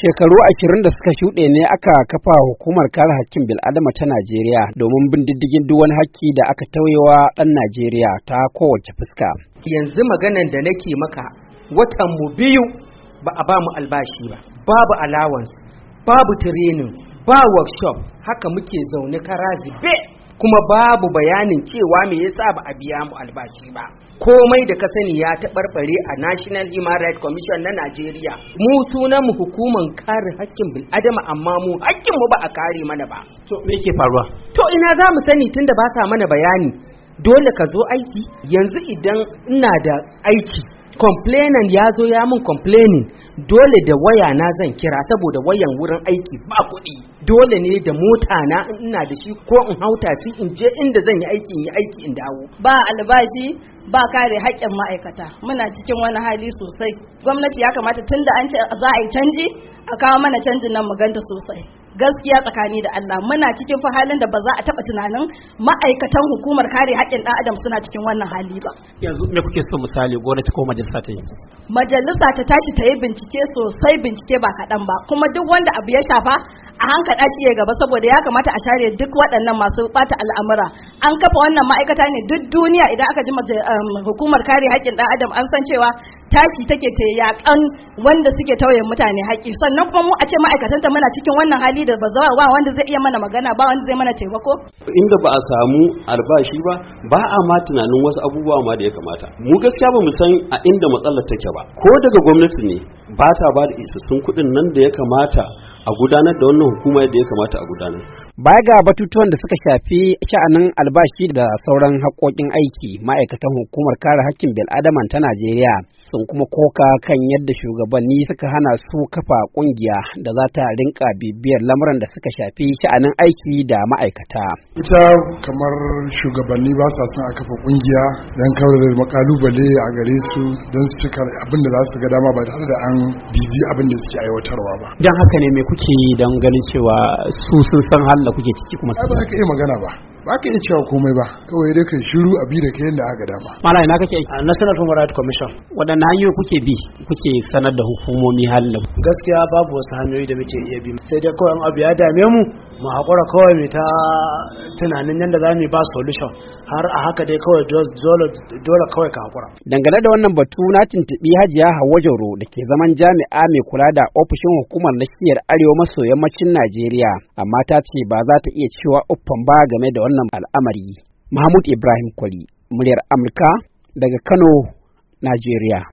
Shekaru ashirin da suka shuɗe ne aka kafa hukumar kare hakkin bil'adama ta Najeriya domin bin diddigin duk wani hakki da aka tauyewa ɗan Najeriya ta kowace fuska. Yanzu maganan da nake maka watan mu biyu ba a ba mu albashi ba, babu allowance, babu training, ba workshop, haka muke zaune karazi zibe. kuma babu bayanin cewa me yasa ba a biya mu albashi ba komai da ka sani ya taɓarɓare a National Human Rights Commission na Najeriya mu sunan mu hukuman kare haƙƙin bil'adama amma mu haƙƙin mu ba a kare mana ba to me ke faruwa to ina za mu sani tunda ba sa mana bayani dole ka zo aiki yanzu idan ina da aiki complainant ya zo ya mun complaining dole da waya na zan kira saboda wayan wurin aiki ba kuɗi dole ne da mota na ina da shi ko in hau tasi in je inda zan yi aiki in yi aiki in dawo ba albashi ba kare haƙƙin ma'aikata muna cikin wani hali sosai gwamnati ya kamata tunda an ce za a yi canji a kawo mana canjin nan mu ganta sosai gaskiya tsakani da Allah muna cikin fa halin da ba za a taba tunanin ma'aikatan hukumar kare haƙƙin ɗan adam suna cikin wannan hali ba yanzu me kuke so misali gwamnati ko majalisa ta yi majalisa ta tashi ta yi bincike sosai bincike ba kaɗan ba kuma duk wanda abu ya shafa a hankali shi ya gaba saboda ya kamata a share duk waɗannan masu ɓata al'amura an kafa wannan ma'aikata ne duk duniya idan aka ji eh, hukumar kare haƙƙin ɗan adam an san cewa tashi take ta yakan wanda suke tauye mutane haƙi sannan kuma mu a ce ma'aikatanta muna cikin wannan hali da ba ba wanda zai iya mana magana ba wanda zai mana taimako inda ba a samu albashi ba ba a ma tunanin wasu abubuwa ma da ya kamata mu gaskiya ba mu san a inda matsalar take ba ko daga gwamnati ne ba ta ba da isassun kuɗin nan da ya kamata a gudanar da wannan hukuma da ya kamata a gudanar baya ga batutuwan da suka shafi sha'anin albashi da sauran haƙoƙin aiki ma'aikatan hukumar kare haƙƙin bil'adama ta Najeriya sun kuma koka kan yadda shugabanni suka hana su kafa kungiya da za ta rinka bibiyar lamuran da suka shafi sha'anin aiki da ma'aikata. Ita kamar shugabanni ba sa son a kafa kungiya don kawar da makalubale a gare su don su cika abin da za su ga dama ba tare da an bibi abin da suke aiwatarwa ba. Don haka ne me kuke yi don ganin cewa su sun san halin da kuke ciki kuma. Ba za iya magana ba. ba ka iya cewa komai ba kawai dai kan shiru a bi da kai yadda aka dama malai na kake a national human rights commission waɗanne hanyoyi kuke bi kuke sanar da hukumomi halin gaskiya babu wasu hanyoyi da muke iya bi sai dai kawai abu ya dame mu mu haƙura kawai mai ta tunanin yadda za mu ba solution har a haka dai kawai dole kawai ka haƙura dangane da wannan batu na tuntuɓi hajiya hawa jauro da ke zaman jami'a mai kula da ofishin hukumar lafiyar arewa maso yammacin najeriya amma ta ce ba za ta iya cewa uffan ba game da wannan wannan al'amari mahmud ibrahim Kwali, muryar amurka daga kano najeriya